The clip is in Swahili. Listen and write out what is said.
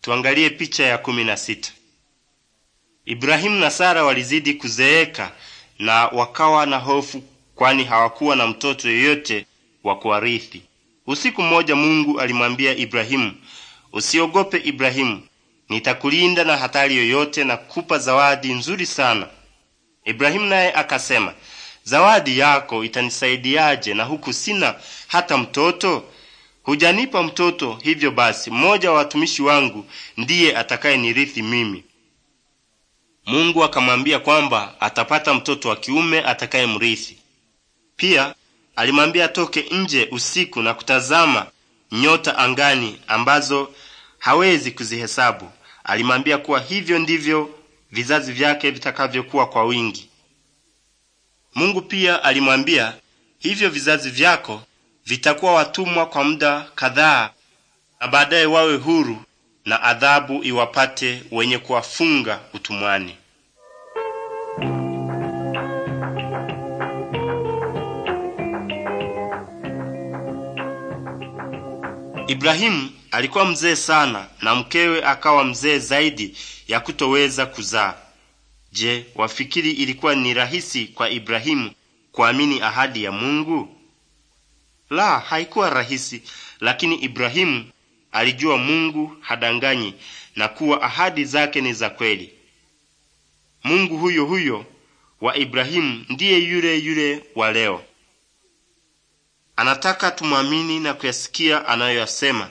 Tuangalie picha ya kumi na sita. Ibrahimu na Sara walizidi kuzeeka na wakawa na hofu, kwani hawakuwa na mtoto yeyote wa kuwarithi. Usiku mmoja Mungu alimwambia Ibrahimu, usiogope Ibrahimu, nitakulinda na hatari yoyote na kupa zawadi nzuri sana. Ibrahimu naye akasema, zawadi yako itanisaidiaje na huku sina hata mtoto? hujanipa mtoto, hivyo basi mmoja wa watumishi wangu ndiye atakaye nirithi mimi. Mungu akamwambia kwamba atapata mtoto wa kiume atakaye mrithi Pia alimwambia atoke nje usiku na kutazama nyota angani ambazo hawezi kuzihesabu. Alimwambia kuwa hivyo ndivyo vizazi vyake vitakavyokuwa kwa wingi. Mungu pia alimwambia hivyo vizazi vyako vitakuwa watumwa kwa muda kadhaa na baadaye wawe huru na adhabu iwapate wenye kuwafunga utumwani. Ibrahimu alikuwa mzee sana na mkewe akawa mzee zaidi ya kutoweza kuzaa. Je, wafikiri ilikuwa ni rahisi kwa Ibrahimu kuamini ahadi ya Mungu? La, haikuwa rahisi, lakini Ibrahimu alijua Mungu hadanganyi na kuwa ahadi zake ni za kweli. Mungu huyo huyo wa Ibrahimu ndiye yule yule wa leo. Anataka tumwamini na kuyasikia anayoyasema.